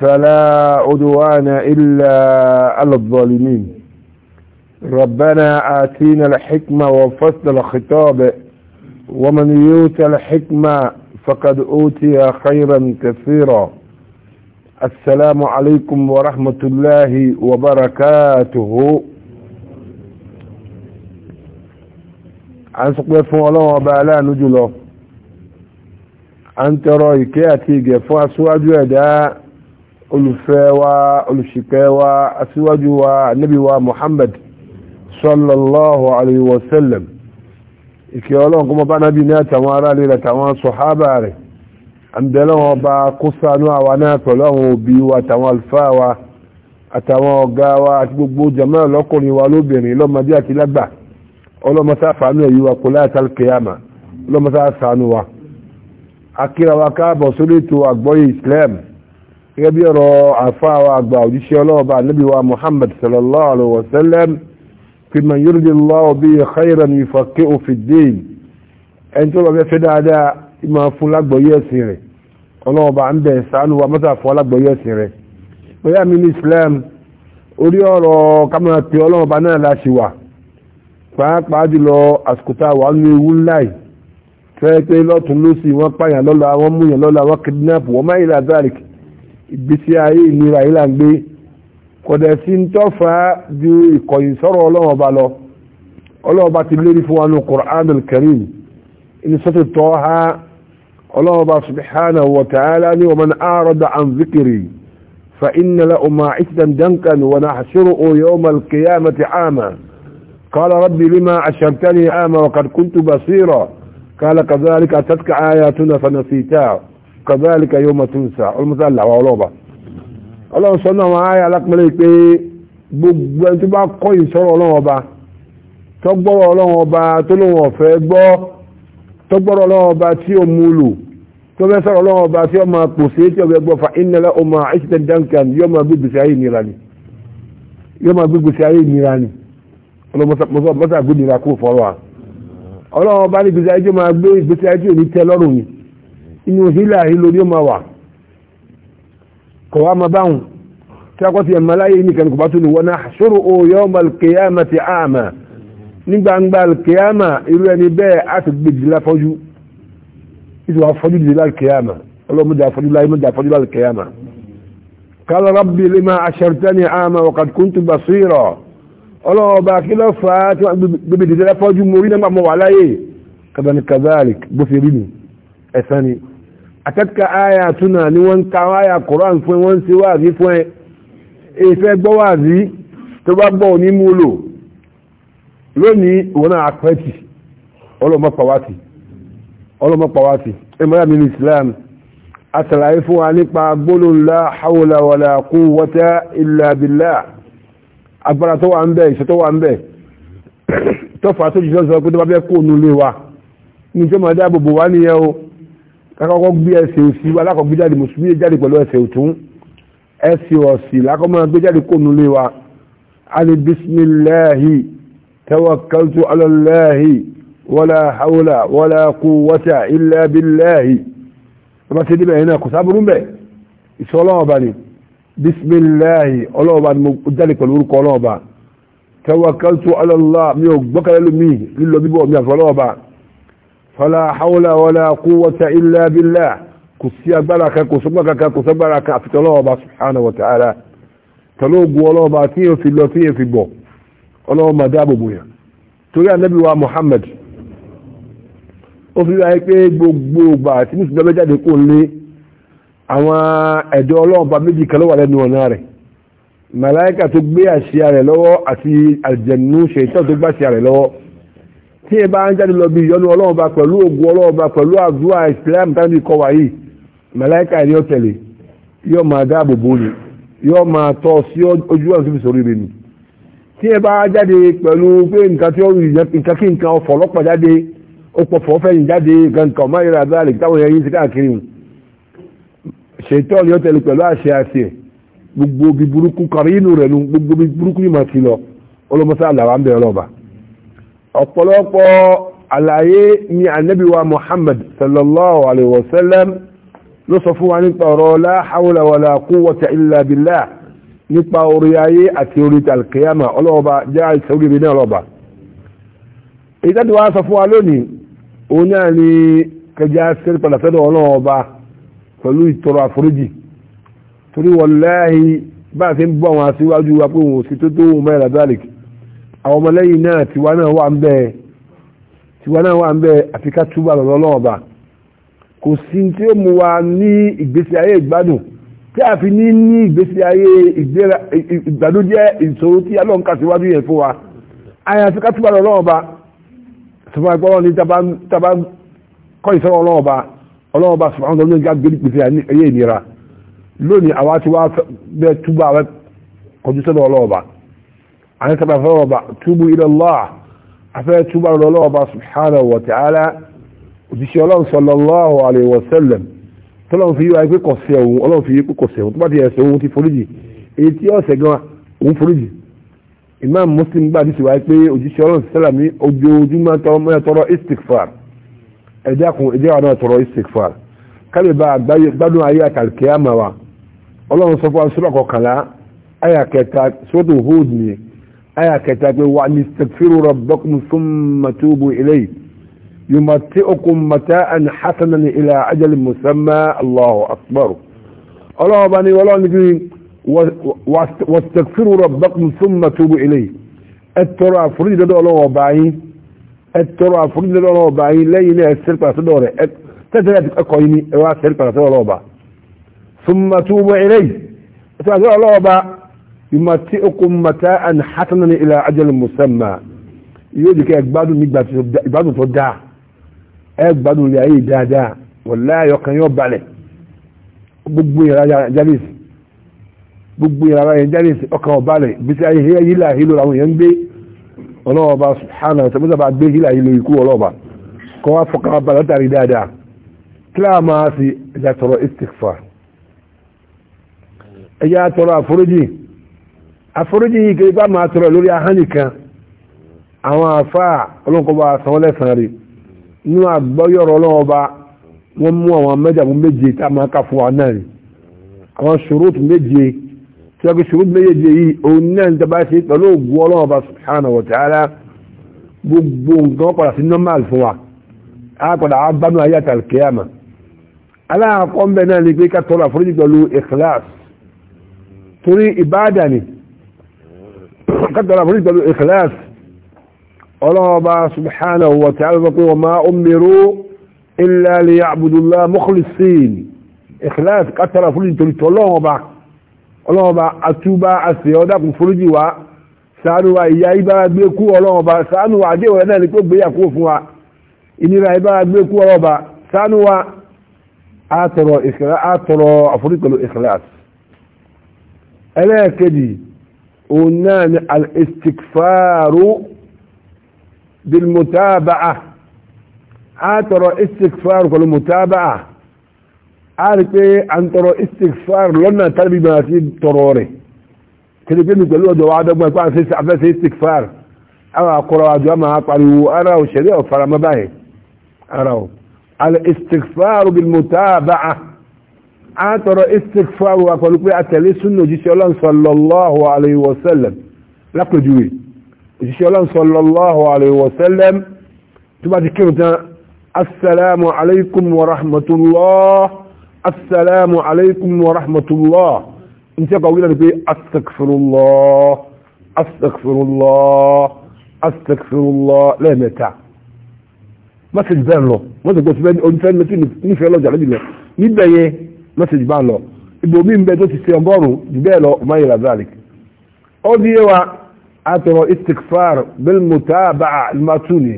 فلا عدوان إلا على الظالمين ربنا آتينا الحكمة وفصل الخطاب ومن يوت الحكمة فقد أوتي خيرا كثيرا السلام عليكم ورحمة الله وبركاته عن سقوة فوالله وبعلا نجله رأيك ترى تيجي فأسوأ أجوادا olùfẹ́ wa olùṣìpẹ̀ wa aṣíwájú wa ànábì wa muhammad sallallahu alayhi wa sallam ìkẹ́ ọlọ́run kó mọ́ bá nábì ní àtàwọn ará lè àtàwọn sọ̀hábà rẹ̀ àǹdẹ̀lọ́wọ́n bá kó sánú àwa náà pẹ̀lú àwọn òbí wa àtàwọn alfáà wa àtàwọn ọ̀gá wa àti gbogbo jàmáà lọ́kùnrin wa lóbìnrin lọ́mọdé àti lágbà ọlọ́mọsá gẹ́gẹ́ bí ọ̀rọ̀ àfáwà àgbà òjíṣẹ́ ọlọ́ọ̀bá níbi muhammad sallallahu alaihi wasallam fi man yurdi Allahu bihi khayran yufaqihu fi ddin ẹni tó bàbá fẹ́ dáadáa ìmọ̀ fún lágbọ̀ọ́yé ẹ̀sìn rẹ̀ ọlọ́ọ̀bá ń bẹ̀ sànù wa mọ́tà fún lágbọ̀ọ́yé ẹ̀sìn rẹ̀ bóyá mi ní islam orí ọ̀rọ̀ kámẹ́rà pé ọlọ́ọ̀bá náà la ṣì wà pàápàá jùlọ àsìkò tá wà nínú ewu ńlá fẹ́ pé lọ́tún lọ́sì wọ́n pààyàn lọ́la wọ́n múyàn lọ́la wọ́n kidnap wọ́n máyìlá zalik ìgbésí ayé ìnira yìí là ń gbé kọ̀dẹ̀ sí ń tọ́fà ju ìkọ̀yìn sọ́rọ̀ ọlọ́wọ́ ba lọ ọlọ́wọ́ bá ti lérí fún wa ní Qur'anul Karim ní sọ́tò tọ́ ha ọlọ́wọ́ bá subhanahu wa ta'ala ní wa man a'rada an zikiri fa inna la umma isdan dankan wa nahshuruhu yawma al-qiyamati ama قال ربي لما عشرتني عاما وقد كنت بصيرا قال كذلك أتتك آياتنا فنسيتها kazalika yawma tunsa olùmọ́sá làwọn ọlọ́ọ̀bà ọlọ́run sọ náà wọn ayé alápẹ̀lẹ́ pé gbogbo ẹni tó bá kọ́ ìsọ̀rọ̀ ọlọ́run ọba tọ́gbọ́rọ̀ ọlọ́run ọba tó lóun ọ̀fẹ́ gbọ́ tọ́gbọ́rọ̀ ọlọ́run ọba tí ó mú lò tó fẹ́ sọ̀rọ̀ ọlọ́run ọba tí ó máa pò sí tí ọbẹ̀ gbọ́ fa ìnira ọmọ àìsíta dankan yóò máa gbégbèsè ayé ìnira ni yóò máa gbégbèsè ayé ìnira ni ọlọ́run mọ́sá gbé ìnira inú hílà hílò ní ọmọ wà kọwa ma báhùn tí a kọ́ ti ẹ̀mà láyé nìkan kò bá tún wọ́n náà ṣòro òòyọ́ ọmọ alkiyama ti àmà ní gbangba alkiyama irú ẹni bẹ́ẹ̀ a ti gbé jìlá fọ́jú ìtùwà fọ́jú jìlá alkiyama ọlọ́mọdé afọ́jú láyé mọ́dé afọ́jú alkiyama قال ربي لما أشرتني عاما وقد كنت بصيرا الله باكي لفات ببدي تلفا جمهورين ما موعلاي كذلك بفرين أثاني àtẹ́kà àyà túnà ní wọ́n ń ka àyà koran fún wọ́n sí wáàzí fún ẹ ìfẹ́ gbọ́ wáàzí tó bá gbọ́ ní múlò lónìí wọ́n àpẹ́tì ọlọ́mọpàwátì ọlọ́mọpàwátì ẹmọ́ra mi Islam àtàlàyé fún wa nípa gbólóńlá hawla wala quwwata illa billah agbára tó wà ń bẹ ìṣẹ́ tó wà ń bẹ tọ́fà tó jù sọ́sọ́ pé tó bá fẹ́ lákọ̀ọ́kọ́ gbé ẹsẹ̀ òsì alákọ̀ọ́ gbé jáde mùsùlùmí jáde pẹ̀lú ẹsẹ̀ ọ̀tún ẹsẹ̀ òsì lákọ̀ọ́mọ́ gbé jáde kó nulẹ̀ wa ani bisimilahi tawakkaltu alalahi wala hawla wala quwwata illa billahi ọba ti dìbẹ̀ yẹn náà kò sábúrú mbẹ̀ ìṣọ́ ọlọ́ọ̀ba ni bisimilahi ọlọ́ọ̀ba ni mo jáde pẹ̀lú orúkọ ọlọ́ọ̀ba tawakkaltu alallah mi ò gbọ́kànlélómi lílọ bíbọ̀ mi àfọlọ́ọ̀ba fala haula wala quwwata illa billah kò sí agbára kan kò sọ́gbà kankan kò sọ́gbàra kan àfi tọ́lọ́ọ̀bá subhanahu wa ta'ala tọ́lọ́ọ̀gùn ọlọ́ọ̀bá tí yóò fi lọ tí yóò fi bọ̀ ọlọ́ọ̀mà dáàbòbò yàn torí ànábì wa Muhammad ó fi wáyé pé gbogbo ìgbà tí mùsùlùmí bẹ́ jáde kó lé àwọn ẹ̀dọ́ ọlọ́ọ̀bá méjì kan ló wà lẹ́nu ọ̀nà rẹ̀ màláìkà tó gbé àṣìá rẹ̀ lọ́wọ́ àti àlùjànnú ṣètọ́ tó gbàṣìá rẹ̀ tí ẹ bá ń jáde lọ bí ìyọnu ọlọ́run bá pẹ̀lú ògùn ọlọ́run bá pẹ̀lú àdúrà islam tàbí kọwà yìí màláíkà ni ó tẹ̀lé yóò máa dáàbò bò ní yóò máa tọ́ sí ojú ọ̀nà síbi sórí rẹ̀ ni tí ẹ bá jáde pẹ̀lú pé nǹkan tí ó rí nǹkan kí nǹkan ọ̀fọ̀ ọlọ́pàá jáde ó pọ̀ fọ́ fẹ́yìn jáde gankan ọmọ ìrìn àdúrà lè táwọn ẹyin ti káàkiri hùn ṣètọ́ ni ó tẹ̀lé pẹ̀lú àṣẹ àṣẹ gbogbo ọ̀pọ̀lọpọ̀ àlàyé ni ànábì wa Muhammad sallallahu alaihi wasallam ló sọ fún wa nípa ọ̀rọ̀ la hawla wala quwwata illa billah nípa orí ayé àti orí alkiyama ọlọ́ọba jẹ́ ìṣẹ́gun ibi náà lọ́ba ìtàdí wa sọ fún wa lónìí òun náà ni kẹjá sẹ́rí padà sẹ́dọ̀ ọlọ́ọba pẹ̀lú bá a ń bọ́ àwọn aṣíwájú wa pé òun ò sí tó tó òun mẹ́rin àdáríkì àwọn ọmọlẹ́yìn náà tiwa náà wà ń bẹ́ẹ̀ tiwa náà wà ń bẹ́ẹ̀ àfi ká túbà lọ́dọ̀ Ọlọ́run Ọba kò sí tí ó mú wa ní ìgbésí ayé ìgbádùn tí a fi ní ní ìgbésí ayé ìgbádùn jẹ́ ìṣòro tí Ọlọ́run kà síwájú yẹn fún wa àyàfi ká túbà lọ́dọ̀ Ọlọ́run Ọba sọfún ní taba kọ́ ìsọ́rọ̀ ọlọ́ọ̀ba ọlọ́ọ̀ba sọfún ọlọ́ọ̀ba عن كما فرض توبوا إلى الله عفا توبوا إلى الله سبحانه وتعالى وتشي الله صلى الله عليه وسلم tọ́lọ́run fi yíwa ẹgbẹ́ kọ̀ sí ẹ̀wọ̀n ọlọ́run fi yípo kọ̀ sí ẹ̀wọ̀n tó bá ti ẹ̀sẹ̀ ohun ti foríjì èyí tí ọ̀sẹ̀ gan òun foríjì imam muslim gbà ti sèwáyé pé òjíṣẹ́ ọlọ́run sẹ́là ní ojoojúmọ́ tọrọ istikfar ẹ̀dá kun ẹ̀dá wa náà tọrọ istikfar kálí bá gbádùn ayé àkàlùkẹ́ àmà wa ọlọ́run sọ fún wa sọ́dọ̀ kọkànlá ayà kẹta sọ́dọ̀ آية كتابة وأن يستغفروا ربكم ثم توبوا إليه يمتئكم متاء حسنا إلى عجل مسمى الله أكبر الله باني ولا نجري واستغفروا ربكم ثم توبوا إليه الترى فريد الله باين الترى فريد الله باين لا يناه السلقة صدوره تتلاتك أقويني واسلقة صدوره ثم توبوا إليه الله باين yumati'ukum mata'an hasanan ila ajalin musamma yóò jẹ́ kí ẹ gbádùn ní ìgbádùn tó dáa ẹ gbádùn ilé ayé dáadáa wallahi ọkàn yóò balẹ̀ gbogbo ìrara jalis gbogbo ìrara yẹn jalis ọkàn ọbalẹ̀ bí sí ayé hílà hílò làwọn èèyàn ń gbé ọlọ́ọ̀ba subhanahu wa ta'ala gbé hílà hílò ikú ọlọ́ọ̀ba kọ́ wá fọkàn balẹ̀ látàrí dáadáa kíláà máa fi ẹja tọrọ istighfar ẹja tọrọ àforíjì àforíjì yìí kiri bá máa tọrọ lórí ahánì kan àwọn àfáà ọlọ́nkọba sanwó lẹ́sàn rí nínú àgbọ́yọ̀rọ̀ ọlọ́ọba wọ́n mú àwọn mẹ́jàmú méje tá a máa kà fún wa náà rí àwọn ṣòrótù méje tí wọ́n fi ṣòrótù méje yìí òun náà ń dábàá ṣe pẹ̀lú ògùn ọlọ́ọba subhanahu wa ta'ala gbogbo nǹkan padà sí normal fún wa a padà á bá mi ayé àtàlùkẹ́yàmà aláàkọ́ ń náà ni pé ká tọrọ àforíjì pẹ̀lú ikhlas torí ìbáàdà ni قدر فريد الإخلاص الله سبحانه وتعالى وما أمروا إلا ليعبدوا الله مخلصين إخلاص قدر فريد الله وبا الله وبا أتوبا أسيودا فريد و sàánù wa ìyá ibára gbé kú ọlọ́run ba sàánù wa àdéhùn rẹ̀ náà ni pé gbéyàkó fún wa ìnira ibára gbé kú ọlọ́run ba sàánù wa àtọ̀rọ̀ àforíkọ̀lù ìkìláàsì ẹlẹ́ẹ̀kejì ونامع الاستكفار بالمتابعة اترى استكفار كل متابعة عارف ايه ان ترى استكفار لنا تربي ما في تروري كده جنو قالوا دو عاد ما كان في سعف استكفار او اقرا جماعة قالوا ارى وشريع فرما باهي ارى الاستكفار بالمتابعه a tọrọ istikfaru wa pẹ̀lú pé a tẹ̀lé súnà òjíṣẹ́ ọlọ́run sallallahu alayhi wa sallam lápèjúwe òjíṣẹ́ ọlọ́run sallallahu alayhi wa sallam tó bá ti kírun tán assalamu alaikum wa rahmatullah assalamu alaikum wa rahmatullah in tí a kọ̀wé lẹ́nu pé astakfirullah astakfirullah astakfirullah lẹ́ẹ̀mẹ́ta má ti bẹ́ẹ̀ lọ wọ́n ti gbọ́ sí bẹ́ẹ̀ ní onífẹ́ nífẹ̀ẹ́ lọ́jà lẹ́jìnlẹ̀ níbẹ̀ yẹn mẹ́sàgì bá ń lọ ibòmí ń bẹ tó ti ṣe ọgọ́rùn-ún jù bẹ́ẹ̀ lọ ọmọ yìí razalik ó di yé wa àtọ̀rọ̀ istikfar bilmutaba almatuni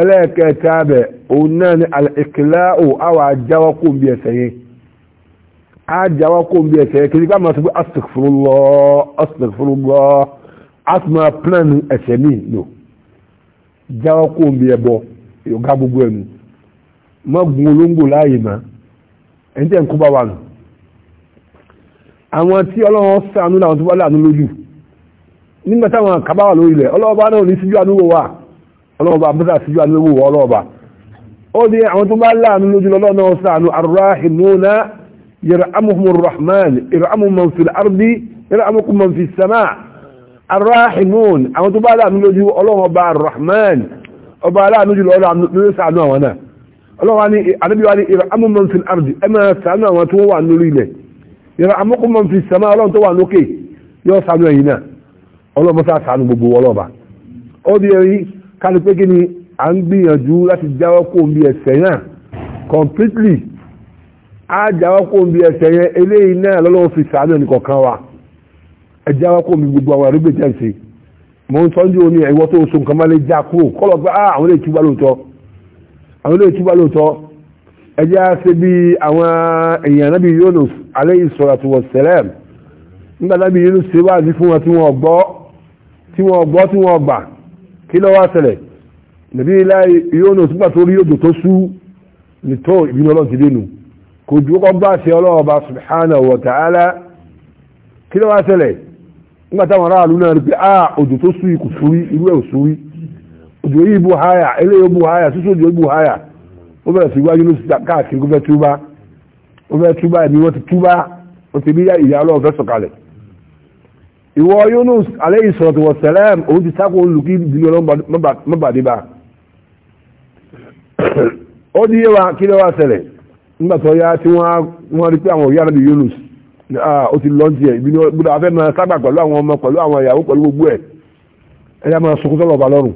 ẹlẹ́ẹ̀kẹta bẹ̀ òun náà ni al-iqla'u àwa jáwọ́ kó bí ẹsẹ̀ yẹn á jáwọ́ kó bí ẹsẹ̀ yẹn kìí ká máa sọ pé astaghfirullah astaghfirullah asma plan ẹsẹ̀ mi lò jáwọ́ kó bí ẹbọ yóò gá gbogbo ẹnu mọ́ gun olóńgbò láàyè máa ẹni tẹ́ ń kó bá wa nù àwọn tí ọlọ́run sànú làwọn tó wá láàánú lójú nígbà táwọn kaba wà lórí ilẹ̀ ọlọ́ọ̀bá náà ní síjú àdúgbò wa ọlọ́ọ̀bá bẹ́sà síjú àdúgbò wa ọlọ́ọ̀bá ó ní àwọn tó bá láàánú lójú lọ́lọ́ọ̀nà sànú arrahimuna yarhamuhumur rahman irhamu man fil ardi irhamukum man fis sama arrahimun àwọn tó bá láàánú lójú ọlọ́ọ̀bá rahman ọba aláàánú ọlọ́wà ní àdébíwá ní ìrààmú man fi ẹ máa sàánú àwọn tó wà lórí ilẹ̀ ìrààmúkum man fi as-samaa ọlọ́run tó wà lókè yóò sàánú ẹ̀yìn náà ọlọ́run mọ́sá sàánú gbogbo ọlọ́ọ̀bà ó di ẹ̀rí kálí pé kí ni à ń gbìyànjú láti jáwọ́ kó omi ẹ̀sẹ̀ náà completely á jáwọ́ kó omi ẹ̀sẹ̀ yẹn eléyìí náà lọ́lọ́run fi wa ẹ jáwọ́ kó omi gbogbo àwọn àwọn olóyè túbọ̀ lóòótọ́ ẹjẹ́ á ṣe bí àwọn èèyàn nábì Yunus alayhi salatu wassalam nígbà nábì Yunus ṣe wáàzí fún wọn tí wọ́n gbọ́ tí wọ́n gbọ́ tí wọ́n gbà kí ló wá ṣẹlẹ̀ nàbí láì Yunus nígbà tó rí odò tó sú nìtọ́ ìbínú ọlọ́run ti dénú kò ju kọ́ bá ṣe ọlọ́run ọba subhanahu wa ta'ala kí ló wá nígbà táwọn aráàlú náà rí pé ah, òjò oyi ibu haya eléyìí bu háyà sísú òjò bu haya ó bẹ̀rẹ̀ sí wájú ló o káàkiri kó fẹ́ túbá ó fẹ́ túbá ẹ̀mí wọ́n ti túbá ó ti bí ìyá ọlọ́run fẹ́ sọ̀kalẹ̀ ìwọ Yunus aleyhi sọ̀rọ̀tì wọ̀ sẹ́lẹ̀m òun ti sáko olùkí ìdílé ọlọ́run mọ́bàdé bá ó ní yé wa kí ló wá ṣẹlẹ̀ nígbà tó yá tí wọ́n rí pé àwọn òyà Yunus ah, ó ti lọ́ọ̀tì ọba ọrụ.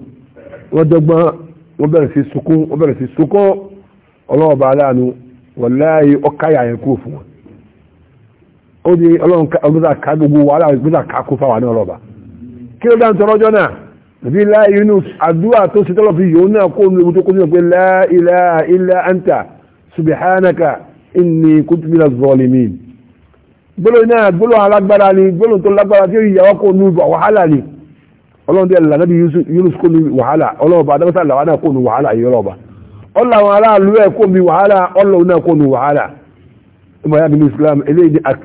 wọ́n dọ́gbọ́n wọ́n bẹ̀rẹ̀ sí sunkún wọ́n bẹ̀rẹ̀ sí sunkún ọlọ́run ọba aláàánú wọ̀láyé ọkáyà yẹn kúrò fún wọn ó ní ọlọ́run ọgbọ́dà ká gbogbo wàhálà ọgbọ́dà ká kó fáwọn náà lọ́ba kí ló dáhùn tọrọ ọjọ́ náà nàbí láì Yunus àdúrà tó ṣe tọ́lọ̀ fi yòó náà kó ọlọ́run dé ẹ̀lá nábì Yunus kó mi wàhálà ọlọ́run bá adámọ́sá làwọn náà kó nu wàhálà yìí ọlọ́ba ọlọ́run aráàlú ẹ̀ kó mi wàhálà ọlọ́run náà kó nu wàhálà ìmọ̀ yàbí ní Islam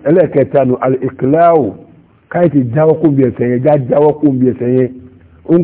ẹlẹ́ẹ̀kẹta nu al-iqla'u jáwọ́ kó bí ẹ̀sẹ̀ yẹn jáwọ́ kó bí ẹ̀sẹ̀ yẹn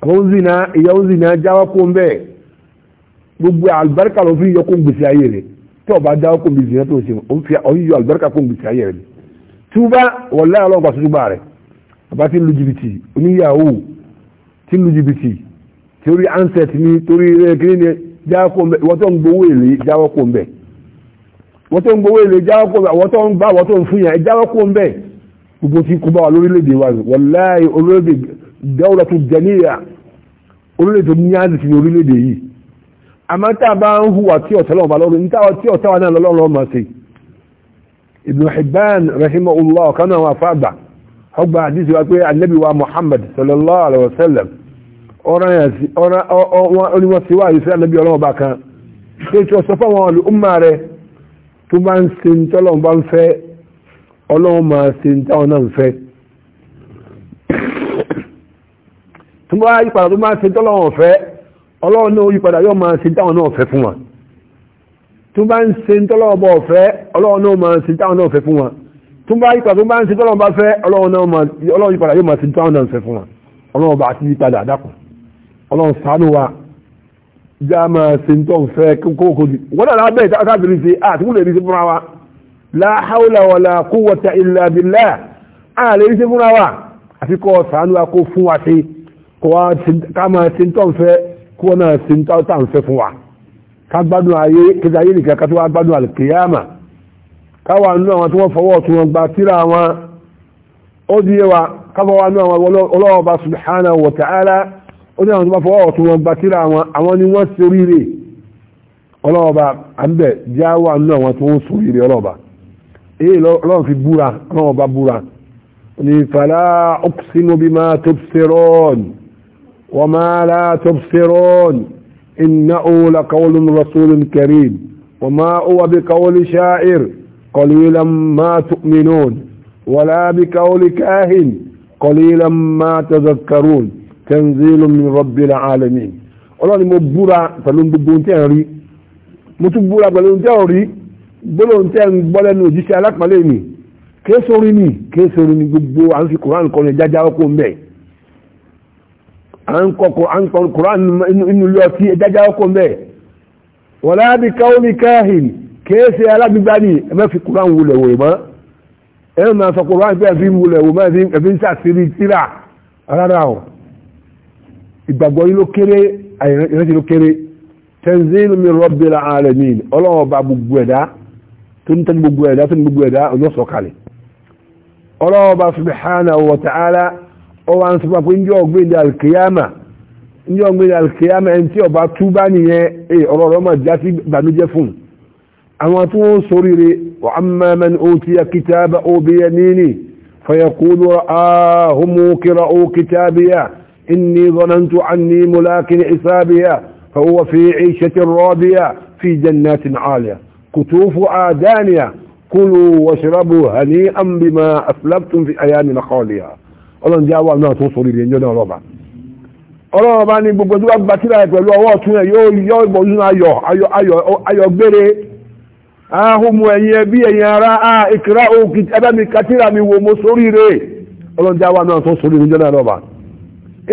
àwọn zina ìyàwó zina jáwọ́ kó ń bẹ́ẹ̀ gbogbo àlùbáríkà ló fi yọ kó ń gbèsè ayé rẹ̀ tí ọba jáwọ́ kó ń gbèsè náà tó ṣe òun fi ọyún yọ àlùbáríkà kó ń gbèsè ayé rẹ̀ túbá wọ̀lá ọlọ́run pàṣẹ túbá rẹ̀ bàbá ti lu jìbìtì oníyàwó ti lu jìbìtì torí ansẹt ni torí kí ni jáwọ́ kó ń ń gbowó èlé jáwọ́ kó ń ń gbowó èlé jáwọ́ kó ń ń bá wa lórílẹ̀ dáwọ́lá tó jẹ́níyà orílẹ̀ tó ní àzìkì ní orílẹ̀-èdè yìí àmọ́ tá a bá ń hùwà tí ọ̀tá lọ́wọ́ bá lọ́rùn ní tí ọ̀tá wà náà lọ́rùn ọmọ sí ibn hibban rahimahullah ọ̀kan náà wà ọgbà wa pé wa muhammad sallallahu alaihi wa sallam ọlọ́wọ́ kan tí sọ tó bá ń sin tó bá yípadà tó máa ṣe tọ́lọ́wọ̀n fẹ́ ọlọ́run náà yípadà yóò máa ṣe dáwọn náà fẹ́ fún wa tó bá ń ṣe tọ́lọ́wọ̀bọ̀ fẹ́ ọlọ́run náà máa ṣe dáwọn náà fẹ́ fún wa tó bá yípadà tó bá ń ṣe tọ́lọ́wọ̀n bá fẹ́ ọlọ́run yípadà yóò máa ṣe dáwọn náà fẹ́ fún wa ọlọ́run bá ti yípadà dákun ọlọ́run ṣàánú wa já máa ṣe tọ́ fẹ́ kókó wọ́n náà bẹ́ẹ̀ tábìrì ṣe àtúkù lè rí sí fúnra wa la hawla wala quwwata illa billah àlè rí sí fúnra wa àfikọ́ ṣàánú wa kó fún wa ṣe ká máa ti ń tọ́ ń fẹ́ kí wọ́n náà ti ń tọ́ tà ń fẹ́ fún wa ká gbádùn ayé kí ayé nìkan ká tó wá gbádùn àlùkìyàmà káwa nú àwọn tí wọ́n fọwọ́ tí wọ́n gba tíra wọn ó di yé wa káwa wá nú àwọn ọlọ́wọ́ bá subhanahu wa ta'ala ó ní àwọn tí wọ́n fọwọ́ tí wọ́n gba tíra wọn àwọn ni wọ́n sorí ọlọ́wọ́ bá àbẹ̀ já wà nú àwọn tí wọ́n sorí ọlọ́wọ́ bá èyí lọ́wọ́ fi búra ọlọ́wọ́ bá búra ní fala uqsimu bima tubsirun وما لا تبصرون إنه لقول رسول كريم وما هو بقول شاعر قليلا ما تؤمنون ولا بقول كاهن قليلا ما تذكرون تنزيل من رب العالمين ọlọ́ni mo búra pẹ̀lú gbogbo ohun tẹ́ ń rí mo tún búra pẹ̀lú ohun tẹ́ ń rí gbọ́dọ̀ ohun tẹ́ ń gbọ́ lẹ́nu òjíṣẹ́ alápàlẹ́ mi kéésórí mi kéésórí mi gbogbo à ń fi koran kọ́ni jájá ọkọ̀ ń bẹ̀ àǹkọ̀ Quran inú ilé ọtí ẹjájá ọkọ̀ mẹ́ wọ́n láàbí káwọ́mí káàhìn kéèsì alágbígbáni ẹmẹ́ fi Quran wulẹ̀ wò mọ́ ẹ̀rọ máa sọ Quran pé ẹ̀fí wulẹ̀ wò mọ́ ẹ̀fí ń sàṣírí tíra rárá o ìgbàgbọ́ yìí ló kéré ìrántí ló kéré tanzil min rabbil alamin ọlọ́wọ́ bá gbogbo ẹ̀dá tó ń tẹ́ni gbogbo ẹ̀dá tó ń gbogbo ẹ̀dá ọjọ́ sọ̀kalẹ̀ ọlọ́wọ́ bá subhanahu wa ta'ala ọwọ́ à ń sọ pé njẹ́ ọ̀gbẹ́lẹ̀ alkiyama njẹ́ ọ̀gbẹ́lẹ̀ alkiyama ẹni tí ọba tú bá nìyẹn ẹ ọ̀rọ̀ rẹ̀ mà já sí ìbànújẹ́ fún àwọn tó ń soríire wà á máa mẹ́ni ó ti yẹ kìtàbà òbí yẹ níní fayakulu ahumu kira ó kìtàbíyà inni zonantu anni mulakin isabiya fa huwa fi ishatin radiya fi jannatin aliya kutufu adaniya kulu washrabu hani'an bima aslabtum fi ayami naqaliya ọlọ́run awa àwọn náà tó sórí rẹ̀ ń jọ́nà ọlọ́ba ọlọ́run bá ní gbogbo tó bá gba síra ẹ̀ pẹ̀lú ọwọ́ ọ̀tún ẹ̀ yóò yọ ìbọn nínú ayọ̀ ayọ̀ gbére ahumu ẹbí ara a ìkìrá òkì ẹbẹ́ mi kàtíra mi wò mo sórí rẹ̀ ọlọ́run awa náà tó sórí rẹ̀ ń jọ́nà ọlọ́ba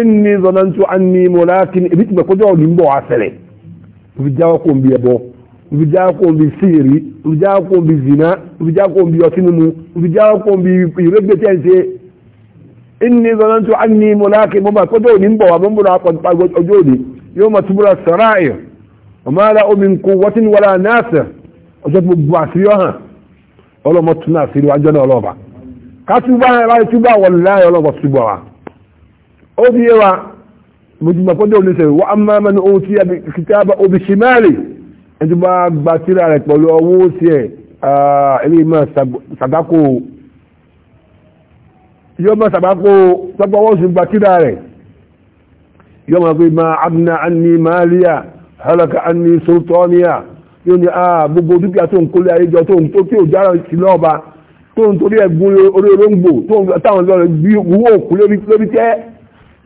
inni zonantu anni mulakin ibi tìmọ̀ kọjọ́ òní ń bọ̀ inni zanantu anni mulaki mo ma kojo ni nbo wa mo na ko pa gojo ni yo ma tubura sarair wa ma la min quwwatin wala nasir o bu ba si yo han olo mo tuna si wa jona olo ba ka tu ba ba tu ba wallahi olo ba ba o wa mo ma ni se wa amma man utiya yóò máa sàgbákò sọ́pọ̀wọ́ sí gbàkídà rẹ̀ yóò máa fi máa abúna anni maliya halaka anni sultaniya yóò ní àà gbogbo dúkìá tó ń kólé ayéjọ tó ń tó tí ò jára sí lọ́ọ̀ba tó ń torí ẹ̀gbọ́n orí olóńgbò táwọn lọ́rẹ̀ bí owó òkú lórí tẹ́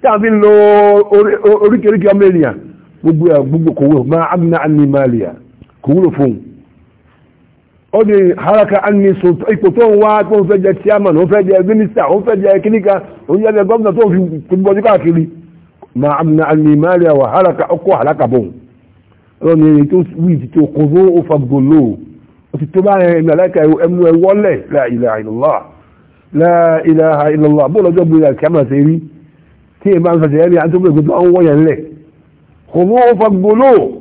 táwọn fi ń lo oríkèéríkèé ọmọ ènìyàn gbogbo kòwúrò máa abúna anni maliya kòwúrò fún un ó ní haraka anni sultan ipò tó ń wá tó ń fẹ́ jẹ chairman ó fẹ́ jẹ minister ó fẹ́ jẹ kíníkà ó ń jẹ gómìnà tó ń fi gbọ́jú káàkiri ma amna anni malia wa haraka ọkọ̀ haraka bọ̀ ó ní èyí tó wí ti tó kò fún ó fagbolo ó ti tó báyẹn ẹ̀mí aláìka ẹmu ẹ wọlé la ilaha illallah la ilaha illallah bó lọ́jọ́ gbé ya kẹ́mà rí tí èèyàn bá ń fẹsẹ̀ ẹ̀rí àti tó gbé gbé tó ń wọ́yẹ̀ ńlẹ̀ kò fún ó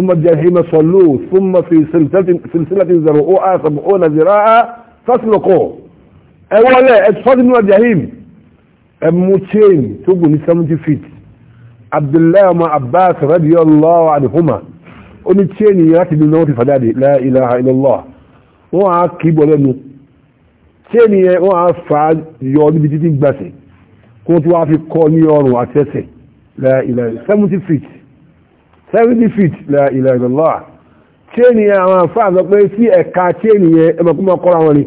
ثم الجحيم صلوه ثم في سلسلة, سلسلة ذرعوها سبعون ذراعا فاسلقوه اولا اتفاد من الجحيم اموتين تقول نسمتي فيت عبد الله مع عباس رضي الله عنهما onítìẹ́ni láti bí náà ti fàdáde la ilaha illallah wọ́n á kí bọ̀ lẹ́nu tíẹ́ni yẹn wọ́n á fà á yọ níbi títí gbàsẹ̀ kó tí wọ́n á fi kọ́ ní ọrùn àtẹ́sẹ̀ la ilaha 70 feet seventy feet la ilaha illallah chaini yẹn àwọn afáà sọ pé sí ẹ̀ka chaini yẹn ẹ mọ̀ kó máa kọ́ra wọn ni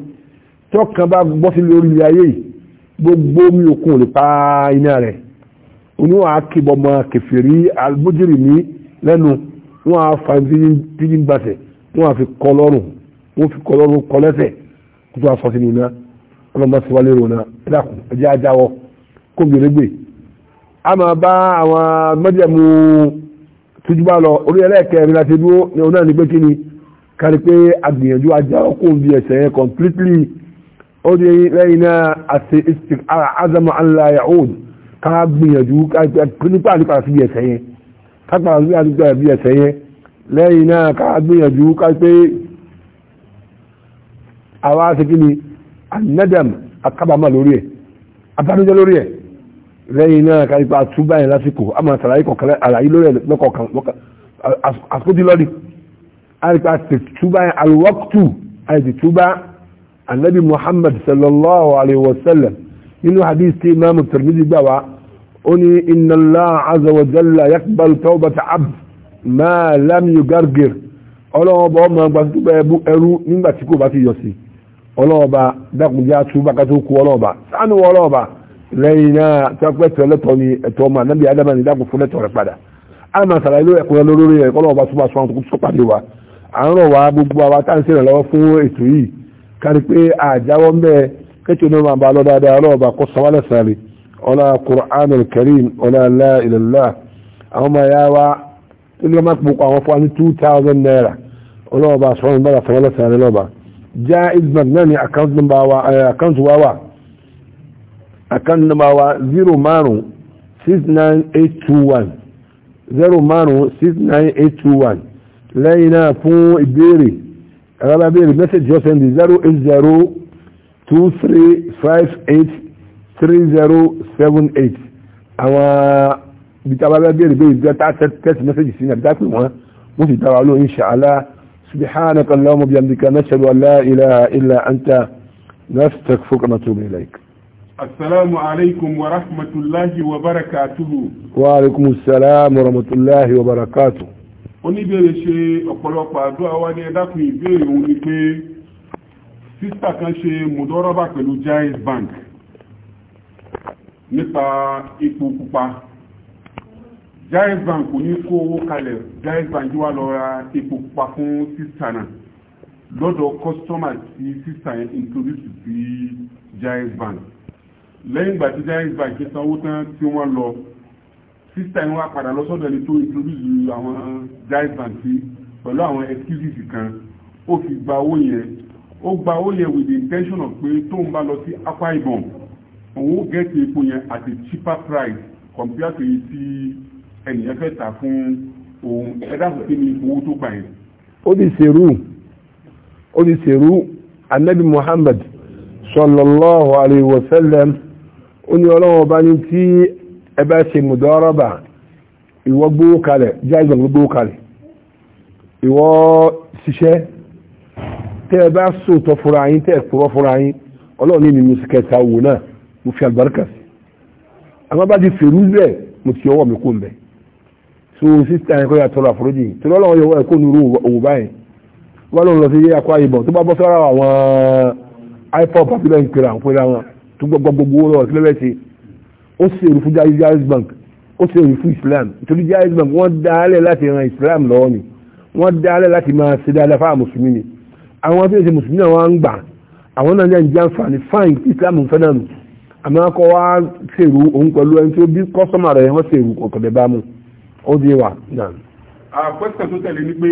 tọ́kàn bá bọ́ sí lórí ilé ayé yìí gbogbo mi òkun ò lè pa iná rẹ̀ oníwà akébọmọ kẹfìrí albójúrì ní lẹ́nu wọn á fa tíyí ń gbàsẹ̀ wọn á fi kọ́ lọ́rùn wọn fi kọ́ lọ́rùn kọ́ lẹ́sẹ̀ kó tó aṣọ sínú iná ọlọ́mọ sí wálé rò náà ẹ dákun ẹjẹ́ ajáwọ́ kó gbèrègbè a máa bá àwọn mẹ́jẹ̀mú tójú bá lọ orí ẹlẹ́ẹ̀kẹrin láti dúró ní ọ̀nà ní pé kíni kárí pé agbìyànjú ajá ọkùnrin bí ẹsẹ̀ yẹn completely ó di lẹ́yìn náà àti istik ara azama anla yahood ká gbìyànjú nípa nípa sí ẹsẹ̀ yẹn ká pàrọ̀ sí àdúgbò bí ẹsẹ̀ yẹn lẹ́yìn náà ká gbìyànjú ká pé àwa ṣe kíni anadam akábàámà lórí ẹ̀ abánújẹ́ lórí ẹ̀ lẹ́yìn náà kárípa túbà yẹn lásìkò a máa sàlàyé kọ̀ọ̀kan àlàyé lórí ẹ̀ lọ́kọ̀ọ̀kan àsìkòtì lọ́dì kárípa túbà yẹn alwaqtu àti túbà anabi muhammad sallallahu alayhi wa sallam nínú hadith tí imaamu tirmidhi gbà wá ó ní inna allah azza wa jalla yaqbal tawbata abd ma lam yugargir ọlọ́wọ́ bá ọmọ àgbà tó bẹ ẹrú nígbà tí kò bá ti yọ sí ọlọ́wọ́ bá dákùnjá túbà kátó kú ọlọ́wọ́ bá sánú ọlọ́wọ́ bá lẹ́yìn náà tọ́pẹ́ tọ́ lẹ́tọ́ ni ẹ̀tọ́ ọmọ anábì adama ni dákun fún lẹ́tọ́ rẹ̀ padà àmà sàlà ilé ẹ̀kọ́ lórí ẹ̀kọ́ náà bá súnmọ́ súnmọ́ tó pàdé wa à ń rọ̀ wá gbogbo àwa tá à ń sèrè lọ́wọ́ fún ètò yìí kárí pé àjáwọ́ ń bẹ́ kẹ́tù ní máa bá lọ dáadáa ọlọ́wọ́ bá kọ́ sọ́wọ́lẹ̀ sàlẹ̀ ọlá Qur'anul Karim ọlá la ilallah àwọn ọmọ ya wa akan nọmba wa 0569821 0569821 lẹ́yìn náà fún ìbéèrè alábá béèrè message yóò sẹ́ndì 08023583078 àwọn bitaba béèrè béèrè bí ta text message sí ní àbíká pè wọ́n mo sì dára lóyún ṣàlá سبحانك اللهم وبحمدك نشهد ان لا illa الا انت نستغفرك ونتوب ilaik. السلام عليكم ورحمة الله وبركاته وعليكم السلام ورحمة الله وبركاته oníbèrè ṣe ọ̀pọ̀lọpọ̀ àdúrà wa ní ẹ̀dákun ìbéèrè òun ni pé sísà kan ṣe mùdọ́rọ́bà pẹ̀lú Jaiz Bank nípa ipò pupa Jaiz Bank kò ní kó owó kalẹ̀ Jaiz Bank wá lọ ra ipò pupa fún sísà náà lọ́dọ̀ kọ́sítọ́mà tí sísà introduce sí Jaiz Bank lẹ́yìn ìgbà tí Jaiz Bank sanwó tán tí wọ́n lọ sísá yẹn wá padà lọ́sọ́dọ̀ ẹni tó introduce àwọn Jaiz Bank sí pẹ̀lú àwọn excuses kan ó fi gba owó yẹn ó gba owó yẹn with the intention of pé tóun bá lọ sí Akwa Ibom òun ó gẹ́ẹ̀tì epo yẹn at a cheaper price compared to ti ẹnìyẹn fẹ́ tà fún òun ẹ̀dá kò kí ni owó tó gbà yẹn. ó ti ṣerú ó ti ṣerú anabi Muhammad sallallahu alayhi wa sallam ó ní ọlọ́wọ́ bá ní tí ẹ bá ṣe mùdọ́rọ́bà ìwọ gbówó kalẹ̀ jáìgbọ̀n gbówó kalẹ̀ ìwọ ṣiṣẹ́ tẹ́ ẹ bá sòótọ́ fúnra yín tẹ́ ẹ pọ́wọ́ fúnra yín ọlọ́run ní mi mo sì kẹta wò náà mo fi àlùbáríkà sí àmọ́ bá ti fèrú bẹ́ẹ̀ mo ti ọwọ́ mi kó ń bẹ̀ so sísítà yẹn kọ́ yà tọrọ àforíjì torí ọlọ́run yọ ẹ̀kọ́ nuru òwò báyìí wọ́n lọ sí akọ ayébọn tó bá bọ́ sọ́ra àwọn ipop àti bẹ́ẹ̀ ń pera àwọn pera wọn tó gbọ́ gbogbo owó lọ́wọ́ sílẹ̀ ó ṣe èrú fún Jaiz Bank ó ṣe èrú fún Islam torí Jaiz Bank wọ́n dálẹ̀ láti ran Islam lọ́wọ́ ni wọ́n dálẹ̀ láti máa ṣe dáadáa fáwọn mùsùlùmí ni àwọn tó ṣe mùsùlùmí náà wọ́n ń gbà àwọn náà ń jẹ́ àǹfààní fáìn Islam ń fẹ́ náà nù àmọ́ akọ wa ṣèrú òun pẹ̀lú ẹni tó bí kọ́sọ́mà rẹ̀ wọ́n ṣèrú ọ̀kọ̀dẹ̀ bá mu ó di wà náà. àpẹẹsẹ tó tẹ̀lé ni pé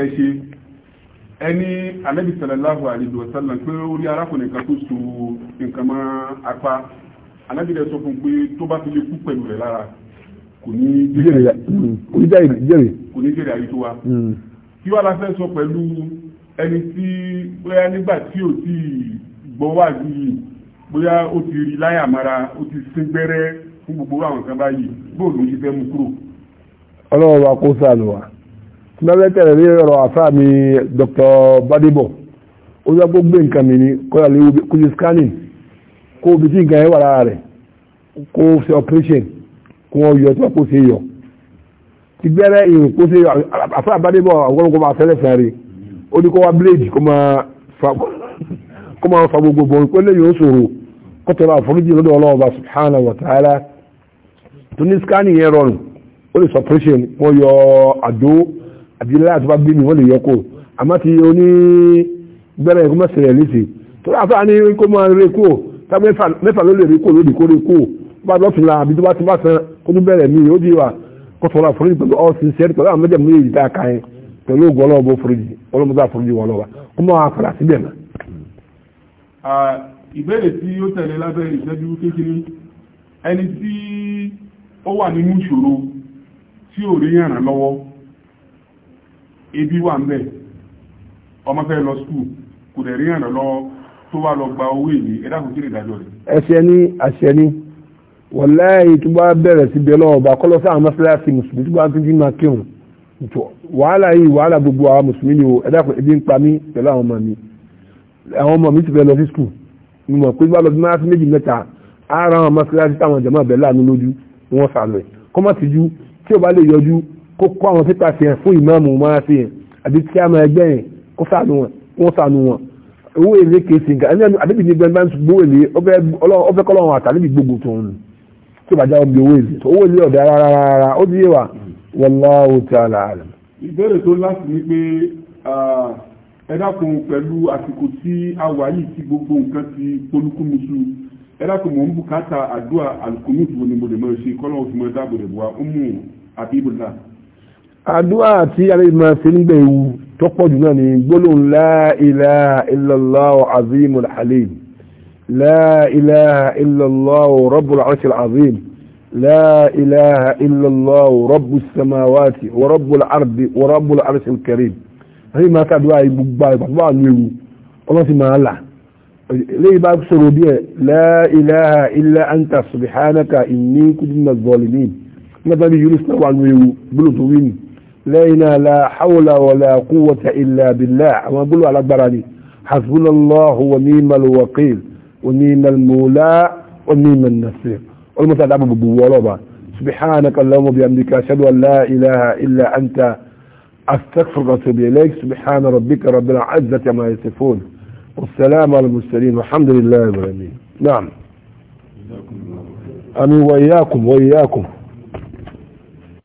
ẹ ẹni Ànábì sallallahu alaihi wa sallam pé ó rí arákùnrin kan tó so nǹkan mọ́ apá Ànábì dẹ̀ sọ fún pé tó bá fi lè kú pẹ̀lú rẹ̀ lára kò ní jẹ́rìí kò ní jẹ́rìí àyè tó wa hmm. kí wàá la fẹ́ sọ pẹ̀lú ẹni tí bóyá nígbà tí ò tí gbọ́ wà yìí bóyá ó ti rí láyà mara ó ti sín gbẹ́rẹ́ fún gbogbo àwọn kan báyìí bóòlù ń ṣe mú kúrò. ọlọ́wọ́ wa kó sáà lọ wa mẹ́rẹ́ tẹ̀lé ní ọ̀rọ̀ àfáà mi Dr. Badibo ó yẹ kó gbé nǹkan mi ní kọ́lá lè kó ṣe scanning kó o bí tí nǹkan yẹn wà lára rẹ̀ kó o ṣe operation kó wọ́n yọ tí wọ́n kó ṣe yọ ti gbẹ́rẹ́ ìrìn kó ṣe yọ àfáà Badibo àwọn kó máa fẹ́lẹ̀ fẹ́ rí ó ní kó wá blade kó máa fa gbogbo bọ̀ pé lẹ́yìn ó ṣòro kó tọrọ àforíjì lọ́dọ̀ ọlọ́ọ̀bà subhanahu wa ta'ala tó ní scanning yẹn rọrùn ó lè sọ operation wọ́n yọ àdó àbí láyà tó bá gbé mi wọ́n lè yọ kó àmọ́ ti oní gbẹ́rẹ́ ẹ̀kọ́ mọ́sẹ̀rẹ̀ léṣe tó láà fáà ní kó máa rẹ kó tá mẹ́fà ló lè rí kó lóde kó rẹ kó bá lọ́tùnla àbí tó bá ti bá san kó tó bẹ̀rẹ̀ mi ó di wa kó sọ̀rọ̀ àforíjì pẹ̀lú ọ̀sìn sẹ́ẹ̀rì pẹ̀lú àwọn mẹ́jẹ̀ mú pẹ̀lú ògùn ọlọ́ọ̀bọ foríjì ọlọ́mọdé àforíjì wọn lọ́wọ́ kó máa padà síbẹ̀ mọ́. ìbéèrè tí ó tẹ̀lé lábẹ́ ìṣẹ́jú kékeré ẹni tí ebi wà ń bẹ̀ ọmọ fẹ́ lọ skul kò dẹ̀ rí àná lọ tó wá lọ gba owó èlé ẹ̀dá kò kílè dájọ́ rẹ̀. ẹsẹ̀ ní àṣẹ ní wọ̀láyé tó bá bẹ̀rẹ̀ sí bẹ̀ lọ́wọ́ bá kọ́lọ́ sáà mọ́sálásí mùsùlùmí tó bá ń fi máa kírun wàhálà yìí wàhálà gbogbo àwọn mùsùlùmí ni o ẹ̀dá kò ebi ń pa mí pẹ̀lú àwọn ọmọ mi àwọn ọmọ mi ti fẹ́ lọ sí skul mo mọ̀ pé bá lọ bí máa fi méjì mẹ́ta ara àwọn mọ́sálásí táwọn jàmáà bẹ̀ láàánú lójú wọ́n sàlẹ̀ kọ́mọ̀tìjú tí ò bá lè yọjú kó kọ́ àwọn pépà sí ẹ̀ fún ìmáàmù máa sí ẹ̀ àbí tí a máa gbẹ́ yẹn kó sànù wọn wọ́n sànù wọn owó èlé kèsì nǹkan ẹni ẹni àbíbi ní gbẹmbẹ ń gbówó èlé ọbẹ̀ kọ́lọ́run àtàlíbi gbogbo tòun tí ó bá jáwọ́ bí owó èlé tó owó èlé ọ̀dà rárá rárá ó di yéwà wallahu ta'ala alam. ìbéèrè tó láti ní pé ẹ dákun pẹ̀lú àsìkò tí a wà yìí tí gbogbo nǹkan ti polúkúmuṣu ẹ dákun mò ń bùkátà àdúrà àlùkùnrin ìfowópamọ́ ìfowópamọ́ ṣe kọ́lọ́run fún mi dáàbò àdúrà tí alẹ́bìmọ̀ sí ń gbẹ̀ ewu tó pọ̀jù náà ni gbólóhùn la ilaha illallahu azimul halim la ilaha illallahu rabbul arshil azim لا إله إلا الله رب السماوات ورب الأرض ورب العرش الكريم هي ما كدوا يبقى بقى نيو الله سمع الله ليه بقى سرودية لا إله إلا أنت سبحانك إني كنت من الظالمين ما بقى يجلس نوع نيو بلو تويني لا لا حول ولا قوة إلا بالله وما أقول على براني حسبنا الله ونيم الوقيل ونيم المولى ونيم النصير والمتعد بقوة ببو سبحانك اللهم بأمدك أشهد أن لا إله إلا أنت أستغفر قصب إليك سبحان ربك رب العزة ما يصفون والسلام على المرسلين والحمد لله والأمين نعم أمين وإياكم وإياكم